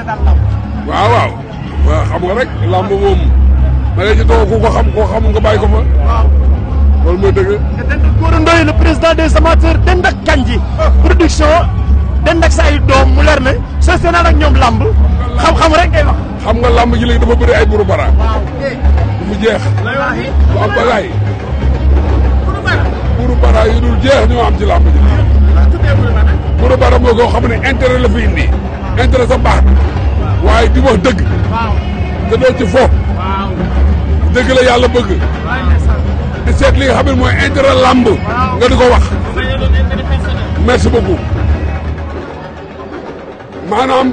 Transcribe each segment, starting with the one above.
waaw waaw. xam nga rek làmb moom. ma ne ci toog ku ko xam koo xam nga bàyyi ko fa. waaw. loolu mooy dëgg. te dend ak président des amateurs dend ak Kandji production dend ak sa ay doom mu leer ne soo seetaan ak ñoom làmb xam-xam rek xam nga lamb ji léegi dafa bëri ay buru bara. waaw du mu jeex. waaw balaay. buru yu dul jeex ñoo am ci lamb ji. buru bara moo ko xam ne intérêt la fi indi. intérêt sa baax waaye di wax dëgg te doo ci fo dëgg la yàlla bëgg di seet li nga xam mooy intérêt làmb nga di ko wax merci beaucoup maanaam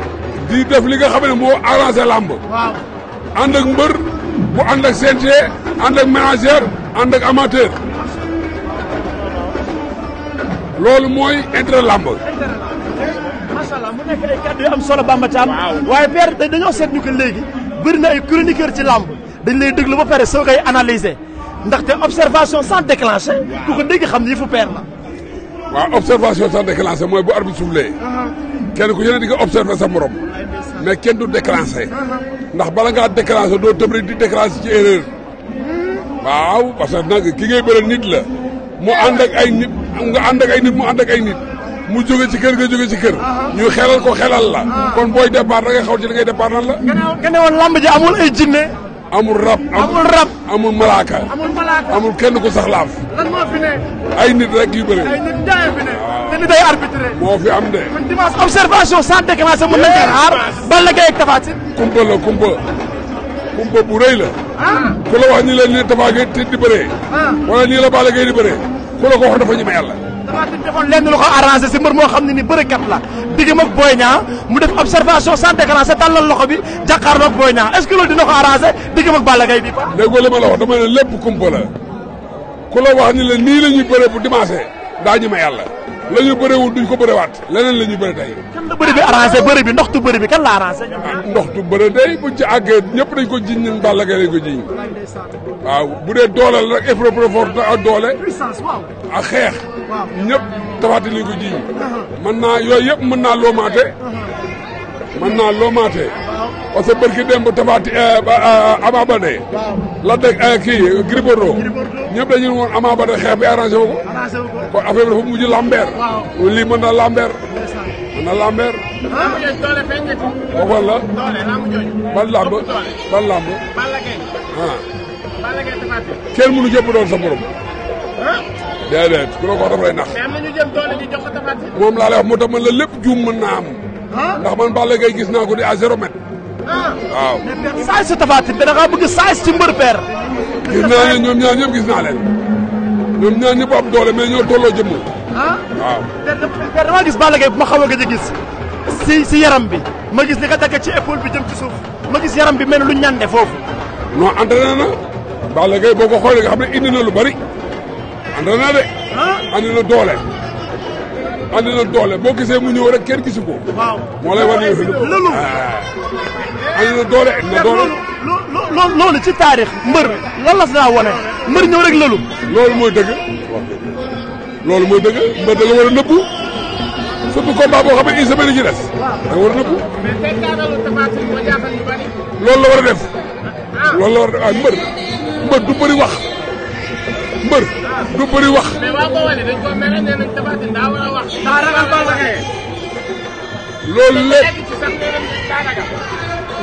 di def li nga xam ne moo arrangé làmb ànd ak mbër bu ànd ak CNG ànd ak manager loolu mooy intérêt làmb allah mu nekk ay kàddu yu am solo Bamba Thiam waaye père seet seetlu que léegi bëri na ay chroniqueur ci làmb dañ lay déglu ba pare soo koy ndax ndaxte observation sans déclencher ku ko dégg xam ni yëfu père la waaw observation sans déclencher mooy bu arbitre soufflé uh-huh. kenn ku yële di nga observé sa morom mais kenn du déclencher uh-huh. ndax bala ngaa déclencher doo tëb rek di déclencher ci erreur uh-huh. waaw parce que nag ki ngay bëre nit la mu ànd ay nit nga ànd ak ay nit mu ay nit mu jóge ci kër nga jóge ci kër. ñu xelal ko xelal la. kon booy départ da ngay xaw ci li ngay départ lan la. nga ne lamb ji amul ay jinne. amul rab amul rab amul malaaka. amul kenn ko sax laaf. lan ay nit rek yu bëri. ay nit jaay fi ne. te ni day arbitré. moo fi am de. kon dimanche observation sans déclencher mën nañu ko xaar. Balla Gaye ak Tapha Tine. la kumpa. kumpa bu rëy la. Ah. ku la wax nii la nii Tapha Gaye di bëree. Ah. wala nii la Balla Gaye di bëree. ku la ko wax dafa ñeme yàlla. Tapha Tine defoon lenn lu ko si mbër xam ne ni bërëkat la diggam ak Boy Niang mu def observation sans déclencher tàllal loxo bi jàkkaarloog Boy Niang est-ce que loolu dina ko arrangé diggam ak Balla bi pa ma la wax dama ne ku la wax nii la ñuy bu dimanche daa ñu ma yàlla la ñu bëriwul duñ ko bëriwaat leneen la ñuy bëri tey. kan la bëri bi arrangé bëri bi ndoxtu bëri bi kan la arrangé. ndoxtu bëri day buñ ci àggee ñëpp dañ ko jiñ ñun Balla Gaye lañ ko jiñ. waaw bu dee doole la rek effort effort na ak doole. puissance waaw ak xeex. ñëpp tabaati lañ ko jiñ. Uh-huh. mën naa yooyu yëpp mën naa loomaate. Uh-huh. mën naa loomaate. parce que barki démb tabaati eh, eh, la teg eh, kii Gris Bordeaux. ñëpp dañu woon Ama Baldé xeex bi arrangé wu ko. arrangé wu lambeer. waaw lii mën na lambeer. mën na la. ban lamb ban lamb. ah. kenn mënu jëpp doon sa borom. ku la ko nax. mais am na ñu jëm doole ji man la ndax man Balla Gaye gis naa ko di à zéro waaw. saa si Tapha Tine da ngaa bëgg saa si mbër peer. gis naa ne ñoom gis naa leen ñoom ñaar ñëpp am doole mais ñoo tolloo jëmm. Ah? waaw. te damaa gis Balla Gaye bu ma xaw a gëj a gis si si yaram bi ma gis li ka dagg ci épaule bi jëm ci suuf ma gis yaram bi mel lu ñande foofu. non entraîné na Balla Gaye boo ko xoolee nga xam ne indi lu bari entraîné de. Ah? andi doole. andi na doole boo gisee mu ñëw rek kenn gisu ko. waaw moo lay wan yëf yi loolu. Ah. na doole loolu ci taarix mbër lan la saa wone mbër ñëw rek lëlu. loolu moo dëgg. loolu mooy dëgg mbër da nga war a nëbbu surtout combat boo xam ne une semaine ci des. da war a nëbbu. mais loolu la war a def. Ah. loolu la war a def ah, mbër mbër du wax. mbër du bëri wax. wax. daa ragal ba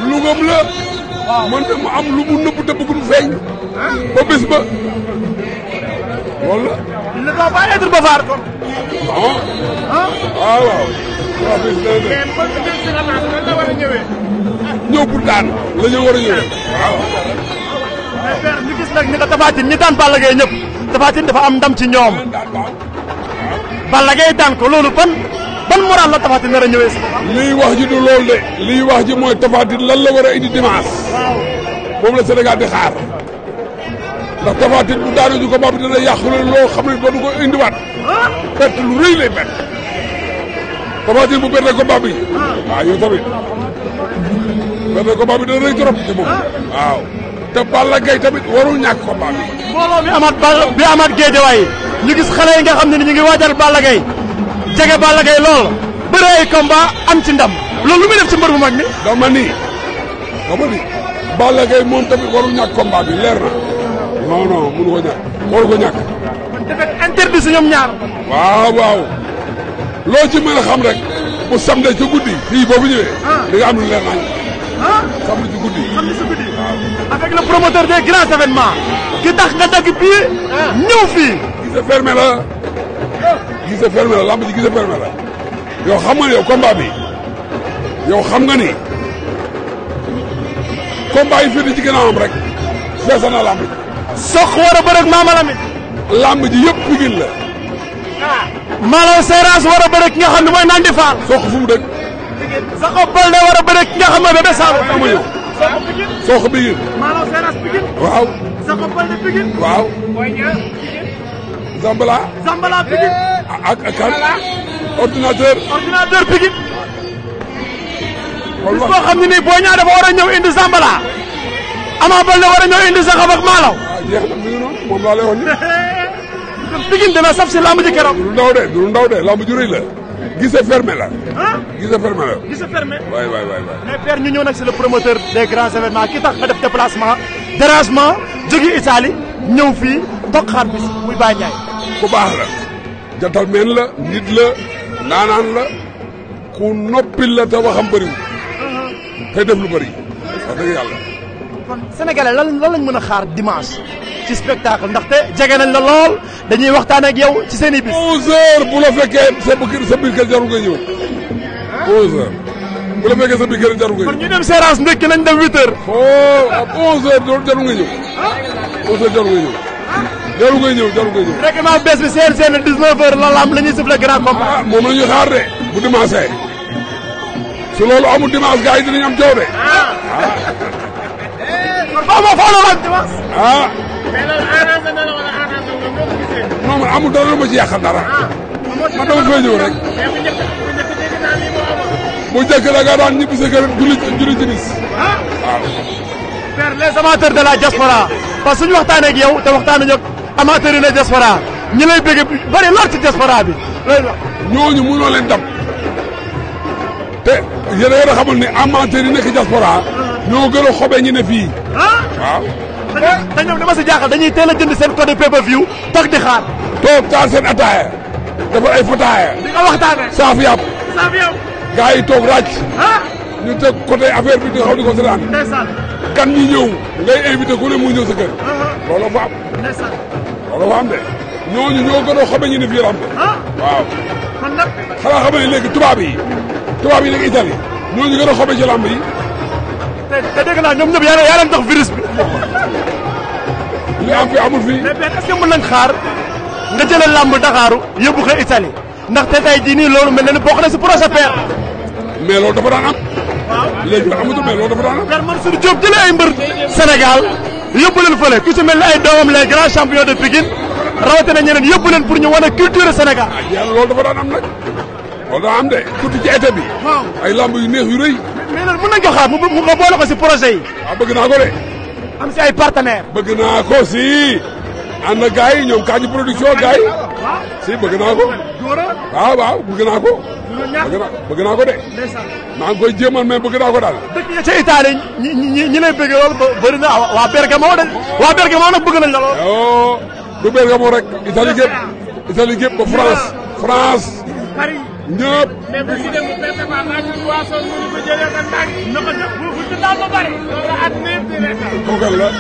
la. waaw mu am lu mu nëbb te feeñ. ba bés ba loolu la. ne ba être ba faar kon. waaw. daan la ñëwee. ñëpp. Tapha dafa am ndam ci ñoom Balla Gaye daan ko loolu ban ban moral la Tapha Tine nar si. lii wax ji du loolu de lii wax ji mooy Tapha lan la war a indi dimanche moom la Sénégal di xaar ndax Tapha bu daanu ju ko boobu dina yàq loo xam ne ba du ko indiwaat perte lu rëy lay perte Tapha Tine bu perte combat bi waaw yow tamit perte combat bi dana rëy trop ci moom waaw. te Balla Gaye tamit warul ñàkk combat bi. mbooloo mi amaat Balla bi amaat géejawaay ñu gis xale yi nga xam ne ñu ngi waajal Balla Gaye jege lool bëre ay am ci ndam loolu lu muy def ci mbër bu mag mi. dama ni dama ni Balla Gaye moom tamit warul ñàkk combat bi leer na non non mënu ko ñàkk waru ko ñaar. waaw waaw loo ci mën a xam rek bu samedi ci guddi fii boo fi ñëwee. Ah. di nga am lu leer samedi si guddi samedi si guddi avec le promoteur des grands événements ki tax nga dagg bii ñëw fii gise fermé la gise fermé la yow xam nga ne yow combat bi yow xam nga ni combat yi ci ginnaawam rek feesa na lamb ji sox war a bërëg maamalamit lamb ji yëpp Pikine la ah. maalaw séerage war a bërëg ki nga xam ne mooy naan di faal sox fu Sokh Balde war a bëre ki nga xam ne Bébé Saloum amuñu. Sokh Pikine. maanaam Seras Pikine. waaw. Sokh Balde Pikine. waaw. mooy ñaar Pikine. Zambala. Zambala Pikine. Eh, ak ak kan. ordinateur. ordinateur Pikine. kon boo xam ne nii boo ñaa dafa war a ñëw indi Zambala. Ama Balde war a ñëw indi Sokh ak Malaw. waaw ah, jeex na mi ngi noonu moom laa lay wax nii. Pikine dana saf si lamb ji keroog. du de du ndaw de lamb ju gise fermé la. ah gise fermé la. gise fermé waay waay waay waay. mais père ñu ñëw nag c'est le promoteur des grands événements ki tax nga def déplacement dérangement jóge Italie ñëw fii toog xaar bis muy Baye Ndiaye. ku baax la. jatal meen la nit la naanaan la ku noppi la te waxam bëriwul. Uh-huh. te def lu bëri wax dëgg yàlla. kon Sénégalais lan lan lañ mën a xaar dimanche. ci spectacle ndaxte jege nañ la lool dañuy waxtaan ak yow ci seen i bis. bu la fekkee sa biir sa biir kër jarul nga ñëw 11h bu la fekkee sa kër jarul nga ñëw. kon ñu dem séerans ndekki nañ dem 8h. oh ab 11h loolu jarul nga ñëw 11h jarul nga ñëw. jarul ngay ñëw jarul ngay ñëw. règlement bés bi seen seen la ñuy siffler grand combat. ah moom la ñuy xaar de bu am coow ah. ah. Eh, amul dara lu ma ci yàqal dara man dama fay ñëw rek bu njëkk da nga daan ñibbi sa kër julli julli ci bis waaw. père les amateurs de parce que suñu waxtaanee ak yow te waxtaanee ak amateurs yi la diaspora ñi lay bëgg bëri lool ci diaspora bi loolu wax ñooñu mënoo leen dam te yéen a xamul ne amateurs yi nekk diaspora ñoo gën a xobee ñu ne fii ah? te ñoom dama si jaaxal dañuy teel a jënd seen code pay-per-view toog di xaar. toog ay fataaya. di nga waxtaanee. saafu yàpp. saafu yàpp. gars yi toog ràcc. Ah. ñu teg côté affaire bi di xaw di ko seetaan. kan ñi ñëw ngay invité ku ne muy ñëw sa kër. Ah, ah. looloo fa am. ndeysaan. looloo fa am de ñooñu ñoo gën a xamee ñu ne fii la am de. waaw. kon nag. xanaa xam ne léegi tubaab yi. tubaab yi nekk Italie ñooñu gën a xamee ci lamb yi. te te naa ñoom ñëpp yaa leen tax virus li am fi amul fii. mais est xaar nga jëlal làmb Dakaaru yóbbu ko Italie ndaxte tey jii nii loolu mel na ni bokk na si projet père. mais loolu dafa daan am. waaw léegi ba amatul mais loolu dafa daan am. Père Mansour Diop jëlee ay mbër Sénégal yóbbu leen fële ku si mel ni ay doomam les grands champions de Pikine rawatina ñeneen yóbbu leen pour ñu wane culture Sénégal. ah yàlla loolu dafa daan am nag loolu am de. tuuti ci été bi. ay làmb yu neex yu rëy. mais loolu mën xaar mu boole ko si projet yi. Ah, am ay partenaires. bëgg naa ko si ànd ak gars yi ñoom kañu production gars yi bëgg naa ko. waaw waaw bëgg naa ko. bëgg naa ko de. maa ngi koy jéemal mais bëgg naa ko daal. dëkk ya ca Italie ñi ñi ñi lay bëgg lool ba bëri na waa Bergamo de waa Bergamo nag bëgg nañ la lool. yoo du Bergamo rek Italie gépp Italie gépp ba France France. Paris du taal ba pare. loolu at mi di la.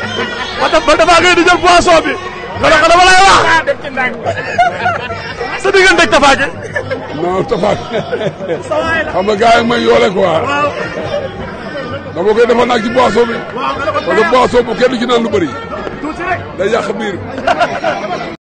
ba ba dafa di jël poisson bi. nga ne ko dama lay wax. ah def ci ndànk. sa digganteeg Tapha may yoole quoi. waaw. dama koy defal nag ci poisson bi. waaw nga ne ko poisson ci naan lu bëri. tuuti rek.